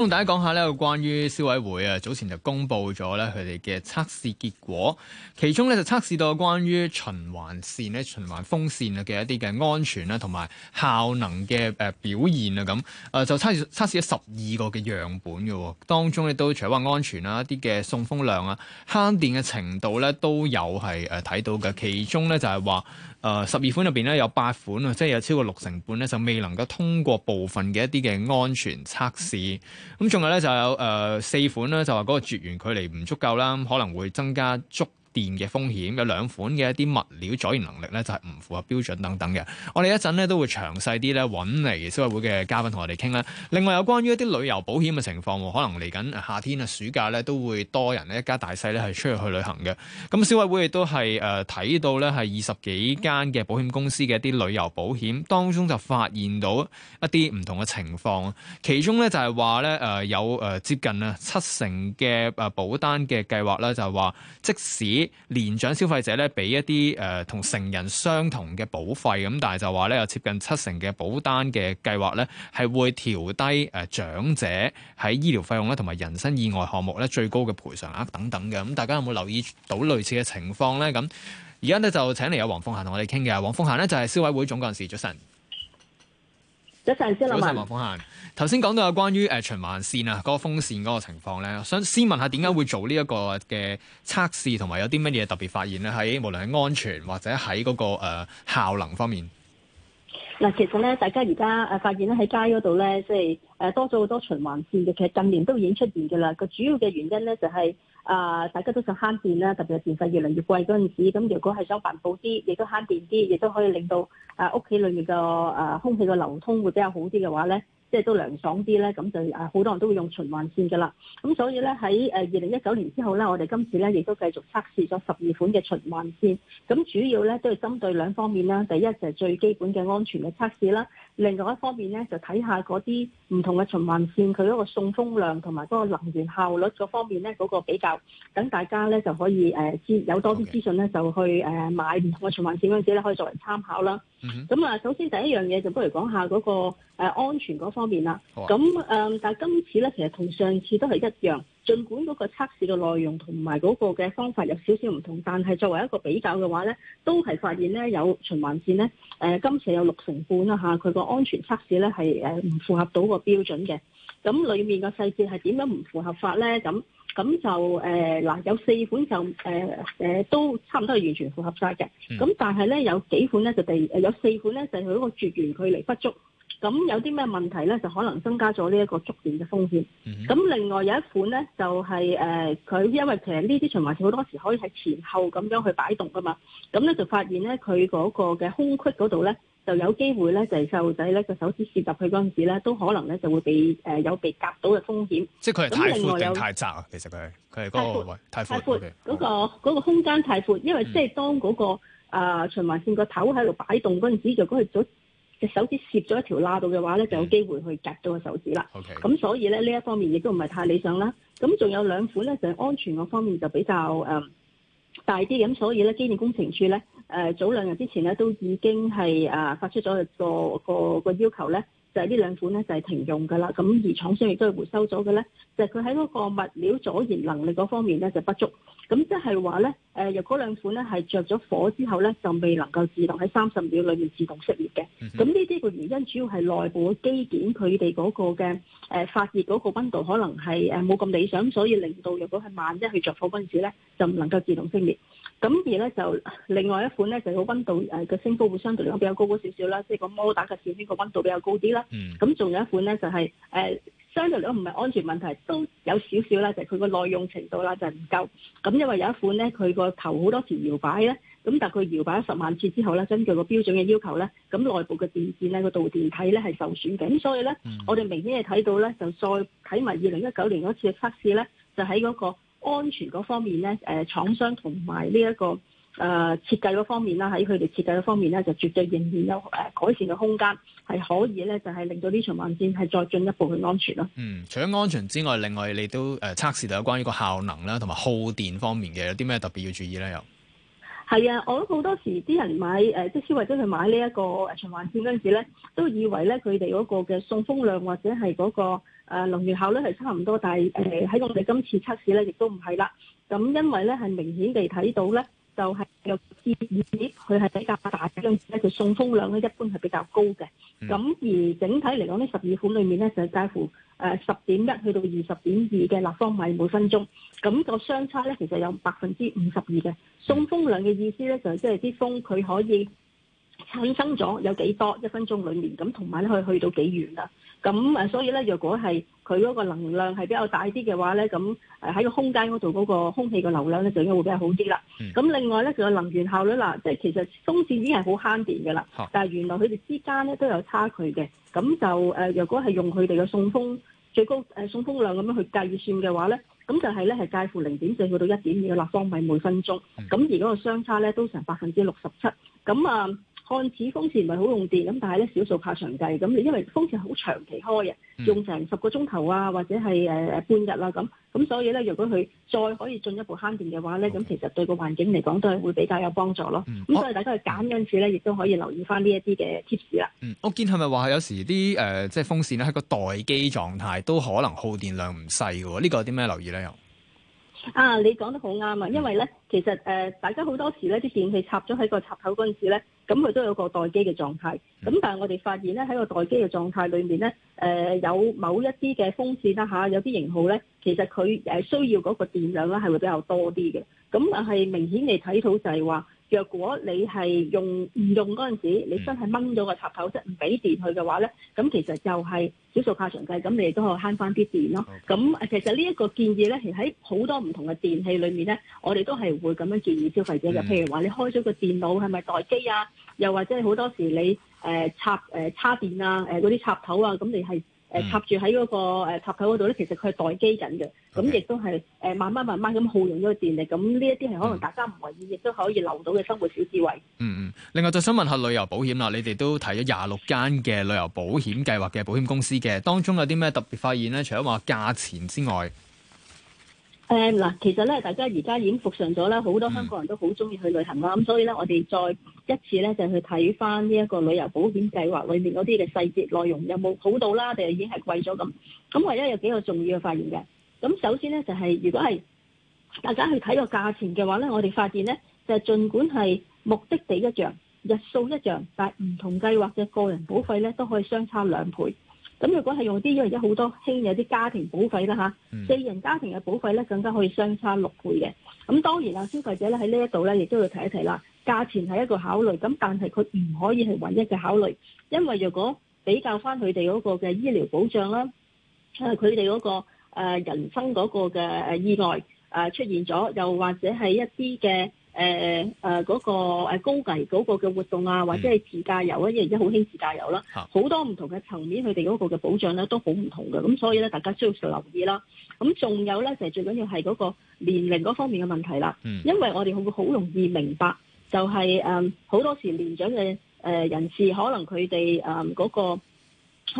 同大家講下呢個關於消委會啊，早前就公布咗呢，佢哋嘅測試結果，其中呢，就測試到關於循環扇呢，循環風扇嘅一啲嘅安全啦，同埋效能嘅誒表現啊，咁誒就測試測試咗十二個嘅樣本嘅，當中呢，都除咗話安全啦，一啲嘅送風量啊、慳電嘅程度呢，都有係誒睇到嘅，其中呢，就係話。誒十二款入面咧有八款啊，即係有超過六成半咧，就未能夠通過部分嘅一啲嘅安全測試，咁、嗯、仲有咧就有呃、四款咧就話嗰個絕緣距離唔足夠啦，可能會增加觸電嘅風險，有兩款嘅一啲物料阻燃能力咧，就係、是、唔符合標準等等嘅。我哋一陣咧都會詳細啲咧揾嚟消委會嘅嘉賓同我哋傾啦。另外有關於一啲旅遊保險嘅情況，可能嚟緊夏天啊暑假咧都會多人咧一家大細咧係出去去旅行嘅。咁消委會亦都係誒睇到咧係二十幾間嘅保險公司嘅一啲旅遊保險當中就發現到一啲唔同嘅情況，其中咧就係話咧誒有誒、呃、接近啊七成嘅誒保單嘅計劃咧就係、是、話即使年長消費者咧，俾一啲誒同成人相同嘅保費咁，但係就話咧，有接近七成嘅保單嘅計劃咧，係會調低誒長者喺醫療費用咧，同埋人身意外項目咧最高嘅賠償額等等嘅。咁大家有冇留意到類似嘅情況咧？咁而家咧就請嚟有黃鳳嫻同我哋傾嘅黃鳳嫻咧就係消委會總幹事，早晨。早晨，先問。早晨，黃鳳嫺。頭先講到有關於誒循環扇啊，嗰個風扇嗰個情況咧，想先問下點解會做呢一個嘅測試，同埋有啲乜嘢特別發現咧？喺無論喺安全或者喺嗰個、呃、效能方面。嗱，其實咧，大家而家誒發現咧喺街嗰度咧，即係誒多咗好多循環扇嘅。其實近年都已經出現㗎喇。個主要嘅原因咧，就係。啊、呃！大家都想慳電啦，特別係電費越嚟越貴嗰陣時，咁如果係想環保啲，亦都慳電啲，亦都可以令到啊屋企裏面個啊空氣個流通會比較好啲嘅話咧。即係都涼爽啲咧，咁就啊好多人都會用循環扇噶啦。咁所以咧，喺誒二零一九年之後咧，我哋今次咧亦都繼續測試咗十二款嘅循環扇。咁主要咧都係針對兩方面啦。第一就係、是、最基本嘅安全嘅測試啦。另外一方面咧，就睇下嗰啲唔同嘅循環扇佢嗰個送風量同埋嗰個能源效率嗰方面咧嗰、那個比較。等大家咧就可以誒知、呃、有多啲資訊咧，就去誒、呃、買唔同嘅循環扇嗰陣時咧可以作為參考啦。咁啊，嗯、首先第一樣嘢就不如講下嗰個誒安全嗰方面啦。咁誒、啊嗯，但係今次咧，其實同上次都係一樣，儘管嗰個測試嘅內容同埋嗰個嘅方法有少少唔同，但係作為一個比較嘅話咧，都係發現咧有循環扇咧，誒、呃，今次有六成半啦吓，佢、啊、個安全測試咧係誒唔符合到個標準嘅。咁裏面個細節係點樣唔符合法咧？咁咁就誒嗱、呃，有四款就誒、呃、都差唔多係完全符合晒嘅，咁、mm hmm. 但係咧有幾款咧就第誒有四款咧就佢、係、個絕緣距離不足，咁有啲咩問題咧就可能增加咗呢一個觸電嘅風險。咁、mm hmm. 另外有一款咧就係誒佢因為其實呢啲循環扇好多時可以喺前後咁樣去擺動噶嘛，咁咧就發現咧佢嗰個嘅空隙嗰度咧，就有機會咧，就係細路仔咧個手指攝入去嗰陣時咧，都可能咧就會被誒、呃、有被夾到嘅風險。即係佢係太闊定太窄啊？其實佢佢係嗰個太闊嘅。嗰個、嗯、個空間太闊，因為即係當嗰、那個、嗯呃、循環線個頭喺度擺動嗰陣時候，就若果係咗隻手指攝咗一條罅度嘅話咧，嗯、就有機會去夾到個手指啦。咁 Okay 所以咧呢一方面亦都唔係太理想啦。咁仲有兩款咧，就係安全嘅方面就比較誒大啲。咁所以咧機電工程處咧。誒、呃、早兩日之前咧都已經係啊發出咗個個個要求咧，就係、是、呢兩款咧就係、是、停用㗎啦。咁而廠商亦都係回收咗嘅咧，就係佢喺嗰個物料阻燃能力嗰方面咧就是、不足。咁即係話咧。誒入嗰兩款咧係着咗火之後咧就未能夠自動喺三十秒裏面自動熄滅嘅，咁呢啲個原因主要係內部機件佢哋嗰個嘅誒、呃、發熱嗰個温度可能係誒冇咁理想，所以令到如果係萬一去着火嗰陣時咧就唔能夠自動熄滅。咁而咧就另外一款咧就個、是、温度誒嘅升高會相對嚟講比較高多少少啦，即係個摩打嘅線圈個温度比較高啲啦。咁仲 有一款咧就係、是、誒。呃相對嚟講唔係安全問題，都有少少啦，就係佢個耐用程度啦，就係唔夠。咁因為有一款咧，佢個頭好多時搖擺咧，咁但係佢搖擺咗十萬次之後咧，根據個標準嘅要求咧，咁內部嘅電線咧個導電體咧係受損嘅。咁所以咧，我哋明顯係睇到咧，就再睇埋二零一九年嗰次嘅測試咧，就喺嗰個安全嗰方面咧，誒廠商同埋呢一個。誒、呃、設計嗰方面啦，喺佢哋設計嗰方面咧，就絕對仍然有誒、呃、改善嘅空間，係可以咧，就係、是、令到呢循環扇係再進一步去安全咯。嗯，除咗安全之外，另外你都誒測試到有關於個效能啦，同埋耗電方面嘅，有啲咩特別要注意咧？又係啊！我覺得好多時啲人買誒，即係消費者去買呢一個循環扇嗰陣時咧，都以為咧佢哋嗰個嘅送風量或者係、那、嗰個能源、呃、效率係差唔多，但係誒喺我哋今次測試咧，亦都唔係啦。咁因為咧係明顯地睇到咧。就係個截面，佢係比較大嘅，而且佢送風量咧一般係比較高嘅。咁、嗯、而整體嚟講，呢十二款裏面咧，就係介乎誒十點一去到二十點二嘅立方米每分鐘。咁、嗰個相差咧，其實有百分之五十二嘅送風量嘅意思咧，就係即係啲風佢可以。產生咗有幾多一分鐘裡面咁，同埋咧可以去到幾遠啊？咁啊，所以咧，若果係佢嗰個能量係比較大啲嘅話咧，咁誒喺個空間嗰度嗰個空氣嘅流量咧就應該會比較好啲啦。咁、嗯、另外咧，佢個能源效率嗱，即係其實風扇已經係好慳電嘅啦，啊、但係原來佢哋之間咧都有差距嘅。咁就誒，若、呃、果係用佢哋嘅送風最高誒送風量咁樣去計算嘅話咧，咁就係咧係介乎零點四去到一點二嘅立方米每分鐘。咁、嗯、而嗰個相差咧都成百分之六十七。咁啊～按此風扇唔係好用電，咁但係咧少數怕長計，咁你因為風扇好長期開嘅，用成十個鐘頭啊，或者係誒誒半日啊咁，咁所以咧，如果佢再可以進一步慳電嘅話咧，咁 Okay. 其實對個環境嚟講都係會比較有幫助咯。咁、嗯、所以大家去揀嗰陣時咧，亦都可以留意翻呢一啲嘅 tips 啦。嗯，我見係咪話有時啲誒即係風扇咧喺個待機狀態都可能耗電量唔細嘅喎？呢、呢個有啲咩留意咧？又？啊，你講得好啱啊！因為咧，其實誒、呃，大家好多時咧，啲電器插咗喺個插頭嗰陣時咧，咁佢都有個待機嘅狀態。咁但係我哋發現咧，喺個待機嘅狀態裏面咧，誒、呃、有某一啲嘅風扇啦嚇、啊，有啲型號咧，其實佢誒需要嗰個電量咧係會比較多啲嘅。咁啊係明顯地睇到就係話。若果你係用唔用嗰陣時，你真係掹咗個插頭即係唔俾電佢嘅話咧，咁其實就係少數怕長計，咁你亦都可以慳翻啲電咯。咁 Okay. 其實呢一個建議咧，係喺好多唔同嘅電器裏面咧，我哋都係會咁樣建議消費者嘅。譬、嗯、如話你開咗個電腦係咪待機啊？又或者好多時你誒、呃、插誒、呃、插電啊誒嗰啲插頭啊，咁你係。誒、嗯、插住喺嗰個插頭嗰度咧，其實佢係待機緊嘅，咁亦 Okay. 都係誒慢慢慢慢咁耗用咗個電力，咁呢一啲係可能大家唔為意，亦、嗯、都可以留到嘅生活小智慧。嗯嗯，另外就想問下旅遊保險啦，你哋都提咗廿六間嘅旅遊保險計劃嘅保險公司嘅，當中有啲咩特別發現咧？除咗話價錢之外，誒嗱、嗯，嗯、其實咧，大家而家已經復常咗啦，好多香港人都好中意去旅行啦，咁所以咧，我哋再……一次咧就去睇翻呢一個旅遊保險計劃裏面嗰啲嘅細節內容有冇好到啦，定係已經係貴咗咁？咁，唯一有幾個重要嘅發現嘅。咁首先咧就係、是、如果係大家去睇個價錢嘅話咧，我哋發現咧就係、是、儘管係目的地一樣、日數一樣，但係唔同計劃嘅個人保費咧都可以相差兩倍。咁如果係用啲而家好多興有啲家庭保費啦嚇，四人家庭嘅保費咧更加可以相差六倍嘅。咁當然啦，消費者咧喺呢一度咧亦都要提一提啦。價錢係一個考慮，咁但係佢唔可以係唯一嘅考慮，因為若果比較返佢哋嗰個嘅醫療保障啦，佢哋嗰個人生嗰個嘅誒意外誒出現咗，又或者係一啲嘅誒誒嗰個高危嗰個嘅活動啊，或者係自駕遊啊，因為而家好興自駕遊啦，好多唔同嘅層面，佢哋嗰個嘅保障咧都好唔同嘅。咁所以咧，大家需要留意啦。咁仲有咧就係最緊要係嗰個年齡嗰方面嘅問題啦，因為我哋會好容易明白。就係誒好多時年長嘅誒人士，可能佢哋誒嗰個、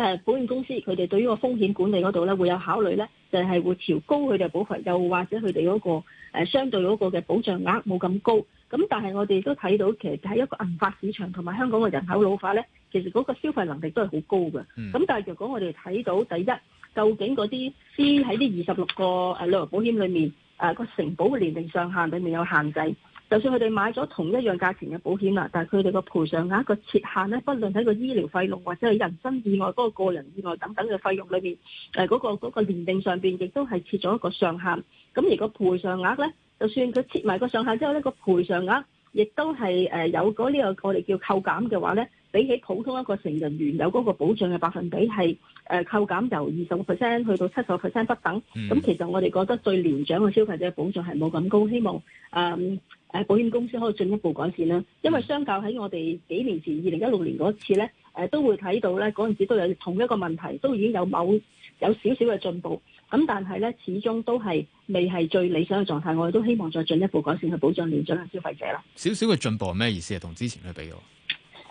呃、保險公司，佢哋對於個風險管理嗰度咧，會有考慮咧，就係會調高佢哋保費，又或者佢哋嗰個、呃、相對嗰個嘅保障額冇咁高。咁但係我哋都睇到，其實喺一個銀髮市場同埋香港嘅人口老化咧，其實嗰個消費能力都係好高嘅。咁、嗯、但係如果我哋睇到第一，究竟嗰啲私喺呢二十六個誒旅遊保險裏面誒個承保嘅年齡上限裏面有限制。就算佢哋買咗同一樣價錢嘅保險啦，但係佢哋個賠償額個設限咧，不論喺個醫療費用或者係人身意外嗰、嗰個個人意外等等嘅費用裏面，嗰、嗰個嗰、嗰個、年齡上面亦都係設咗一個上限。咁而賠呢上、那個賠償額咧，就算佢設埋個上限之後呢，個賠償額亦都係有嗰呢個我哋叫扣減嘅話咧，比起普通一個成年人原有嗰個保障嘅百分比係扣減由二十個 percent 去到七十 percent 不等。咁、嗯、其實我哋覺得對年長嘅消費者保障係冇咁高，希望、嗯誒保險公司可以進一步改善啦，因為相較喺我哋幾年前二零一六年嗰次咧，誒、呃、都會睇到咧嗰陣時都有同一個問題，都已經有某有少少嘅進步，咁但係咧始終都係未係最理想嘅狀態，我哋都希望再進一步改善去保障年長嘅消費者啦。少少嘅進步係咩意思跟啊？同之前去比較？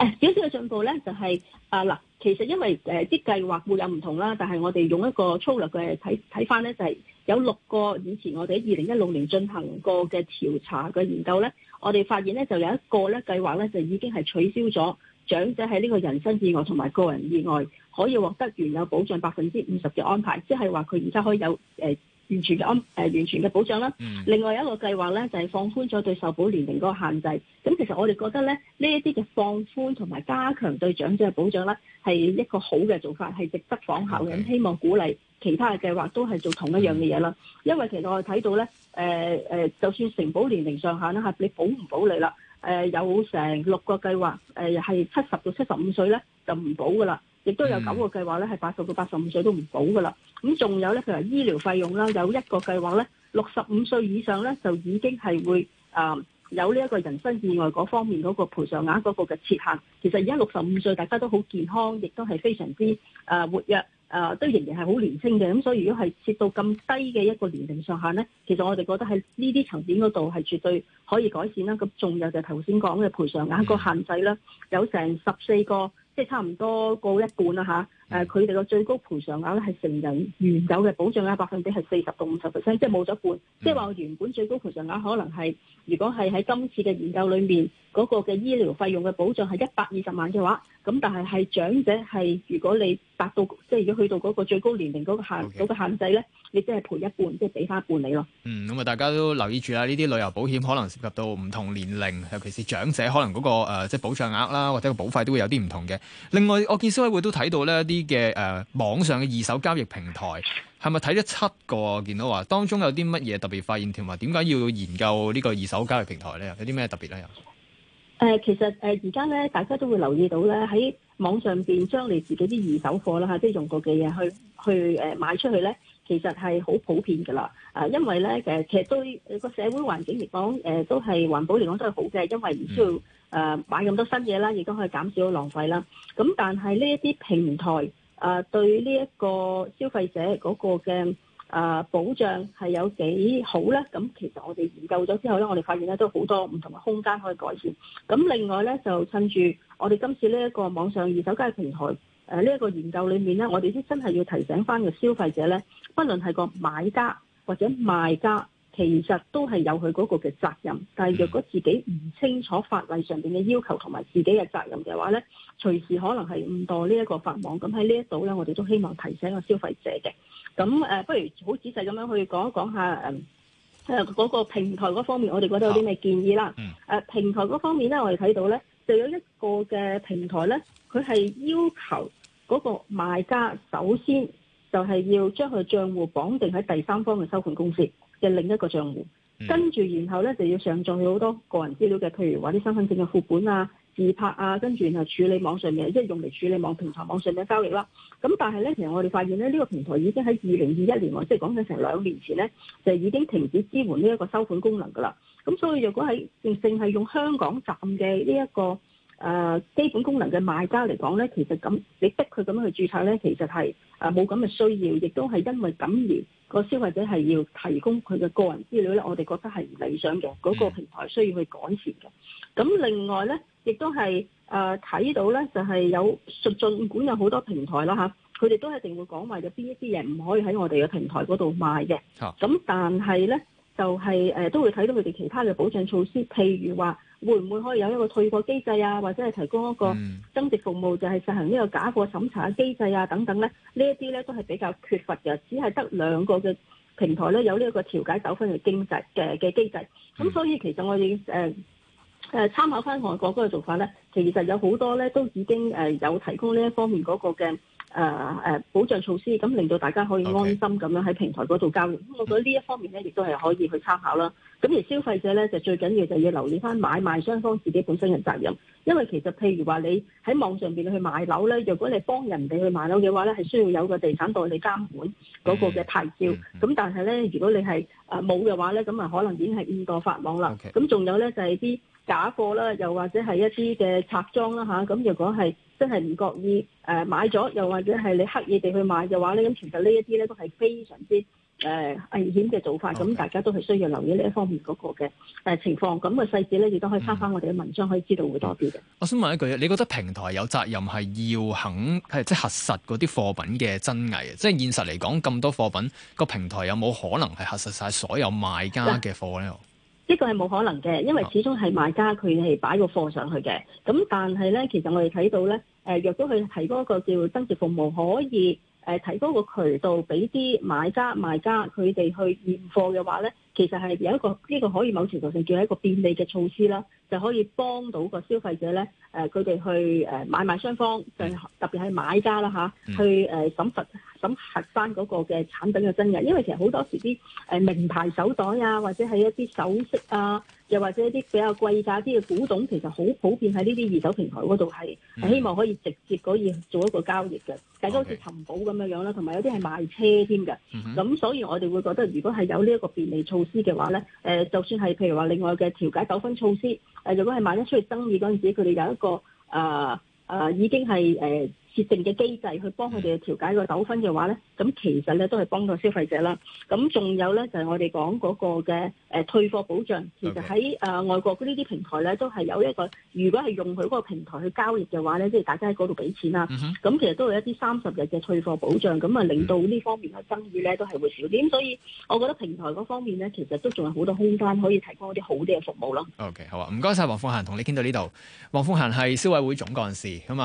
少少嘅進步咧，就係、是、啊嗱，其實因為誒啲、呃、計劃會有唔同啦，但係我哋用一個粗略嘅睇睇翻咧就係、是。有六個以前我哋喺二零一六年進行過嘅調查嘅研究呢，我哋發現呢就有一個呢計劃呢，就已經係取消咗長者喺呢個人身意外同埋個人意外可以獲得原有保障百分之五十嘅安排，即係話佢而家可以有誒。完全嘅安誒完全嘅保障啦。另外一個計劃咧就係放寬咗對受保年齡嗰個限制。咁其實我哋覺得咧呢一啲嘅放寬同埋加強對長者嘅保障咧係一個好嘅做法，係值得仿效嘅。Okay. 希望鼓勵其他嘅計劃都係做同一樣嘅嘢啦。因為其實我哋睇到咧誒誒，就算承保年齡上限啦嚇，你保唔保你啦？誒有成六個計劃誒係七十到七十五歲咧就唔保噶啦。亦都有九個計劃咧，係八十到八十五歲都唔保噶啦。咁仲有咧，譬如醫療費用啦，有一個計劃咧，六十五歲以上咧，就已經係會誒、呃、有呢一個人身意外嗰方面嗰個賠償額嗰個嘅設限。其實而家六十五歲大家都好健康，亦都係非常之誒、呃、活躍，誒、呃、都仍然係好年輕嘅。咁所以如果係設到咁低嘅一個年齡上限咧，其實我哋覺得喺呢啲層面嗰度係絕對可以改善啦。咁仲有就係頭先講嘅賠償額個限制啦，有成十四個。即係差唔多過一半啦嚇。誒，佢哋個最高賠償額咧，係成人原有嘅保障額百分比，係四十到五十 percent，即係冇咗半。即係話我原本最高賠償額可能係，如果係喺今次嘅研究裏面嗰個嘅醫療費用嘅保障係一百二十萬嘅話，咁但係係長者係如果你達到，即係如果去到嗰個最高年齡嗰個限嗰個限制咧，你即係賠一半，即係俾翻一半你咯。嗯，咁啊，大家都留意住啦，呢啲旅遊保險可能涉及到唔同年齡，尤其是長者可能嗰個誒即係保障額啦，或者個保費都會有啲唔同嘅。另外，我見消委會都睇到咧啲。啲嘅誒網上嘅二手交易平台係咪睇咗七個？見到話當中有啲乜嘢特別發現？同埋點解要研究呢個二手交易平台咧？有啲咩特別咧？又誒，其實誒而家咧，大家都會留意到咧，喺網上邊將你自己啲二手貨啦吓，即係用過嘅嘢去去誒賣出去咧，其實係好普遍㗎喇。啊，因為咧誒，其實對個社會環境嚟講，誒都係環保嚟講都係好嘅，因為唔需要。誒買咁多新嘢啦，亦都可以減少浪費啦。咁但係呢一啲平台誒對呢一個消費者嗰個嘅誒保障係有幾好咧？咁其實我哋研究咗之後咧，我哋發現咧都好多唔同嘅空間可以改善。咁另外咧就趁住我哋今次呢一個網上二手交易平台誒呢一個研究裏面咧，我哋先真係要提醒翻個消費者咧，不論係個買家或者賣家。其實都係有佢嗰個嘅責任，但係若果自己唔清楚法例上邊嘅要求同埋自己嘅責任嘅話呢，隨時可能係誤墮呢一個法網。咁喺呢一度呢，我哋都希望提醒個消費者嘅。咁誒，不如好仔細咁樣去講一講下誒誒嗰個平台嗰方面，我哋覺得有啲咩建議啦？誒、呃、平台嗰方面呢，我哋睇到呢，就有一個嘅平台呢，佢係要求嗰個賣家首先就係要將佢賬戶綁定喺第三方嘅收款公司。嘅另一個賬戶，跟住然後咧就要上載好多個人資料嘅，譬如話啲身份證嘅副本啊、自拍啊，跟住然後處理網上面，即係用嚟處理網平台網上面嘅交易啦、啊。咁但係咧，其實我哋發現咧，呢個平台已經喺二零二一年，我即係講緊成兩年前咧，就已經停止支援呢一個收款功能噶啦。咁所以若果係淨係用香港站嘅呢一個。誒、呃，基本功能嘅賣家嚟講咧，其實咁你逼佢咁樣去註冊咧，其實係誒冇咁嘅需要，亦都係因為咁而個消費者係要提供佢嘅個人資料咧，我哋覺得係唔理想嘅，嗰、那個平台需要去改善嘅。咁另外咧，亦都係誒睇到咧，就係、是、有儘管有好多平台啦吓，佢、啊、哋都一定會講話有邊一啲嘢唔可以喺我哋嘅平台嗰度賣嘅。咁但係咧，就係、是、誒、呃、都會睇到佢哋其他嘅保障措施，譬如話。會唔會可以有一個退貨機制啊，或者係提供一個增值服務，就係、是、實行呢個假貨審查嘅機制啊，等等咧？呢一啲咧都係比較缺乏嘅，只係得兩個嘅平台咧有呢一個調解糾紛嘅經濟嘅嘅機制。咁、嗯、所以其實我哋誒誒參考翻外國嗰個做法咧，其實有好多咧都已經誒有提供呢一方面嗰個嘅誒誒保障措施，咁令到大家可以安心咁樣喺平台嗰度交易。嗯、我覺得呢一方面咧，亦都係可以去參考啦。咁而消費者咧就最緊要就要留意翻買賣雙方自己本身嘅責任，因為其實譬如話你喺網上面去買樓咧，若果你幫人哋去買樓嘅話咧，係需要有個地產代理監管嗰個嘅牌照。咁 但係咧，如果你係冇嘅話咧，咁啊可能已經係誤墮法網啦。咁仲 Okay. 有咧就係啲假貨啦，又或者係一啲嘅拆裝啦嚇。咁若果係真係唔覺意買咗，又或者係你刻意地去買嘅話咧，咁其實呢一啲咧都係非常之誒，危險嘅做法，咁 Okay. 大家都係需要留意呢一方面嗰個嘅誒情況。咁個細節咧，亦都可以翻翻我哋嘅文章，嗯、可以知道會多啲嘅。我想問一句，你覺得平台有責任係要肯係即係核實嗰啲貨品嘅真偽啊？即係現實嚟講，咁多貨品個平台有冇可能係核實晒所有賣家嘅貨呢？呢個係冇可能嘅，因為始終係賣家佢係擺個貨上去嘅。咁但係咧，其實我哋睇到咧，誒，若果佢提供一個叫增值服務，可以。誒提高個渠道俾啲買家賣家佢哋去驗貨嘅話咧，其實係有一個呢、這個可以某程度上叫一個便利嘅措施啦，就可以幫到個消費者咧誒，佢哋去誒買賣雙方，就特別係買家啦吓，去誒審核審核翻嗰個嘅產品嘅真嘅，因為其實好多時啲誒名牌手袋啊，或者係一啲首飾啊。又或者一啲比較貴價啲嘅古董，其實好普遍喺呢啲二手平台嗰度，係希望可以直接可以做一個交易嘅，誒、mm，大家都好似尋寶咁樣樣啦，同埋有啲係賣車添嘅，咁、mm hmm. 所以我哋會覺得，如果係有呢一個便利措施嘅話咧，誒、呃，就算係譬如話另外嘅調解糾紛措施，誒、呃，如果係萬一出去爭議嗰陣時，佢哋有一個誒誒、呃呃、已經係誒。呃設定嘅機制去幫佢哋去調解個糾紛嘅話咧，咁、嗯、其實咧都係幫到消費者啦。咁仲有咧就係我哋講嗰個嘅誒退貨保障，其實喺誒外國呢啲平台咧都係有一個，如果係用佢嗰個平台去交易嘅話咧，即、就、係、是、大家喺嗰度俾錢啦。咁、嗯、哼其實都係一啲三十日嘅退貨保障，咁啊令到呢方面嘅爭議咧都係會少啲。咁所以，我覺得平台嗰方面咧，其實都仲有好多空間可以提供一啲好啲嘅服務囉。OK，好啊，唔該晒，黃鳳嫺，同你傾到呢度。黃鳳嫺係消委會總幹事咁啊。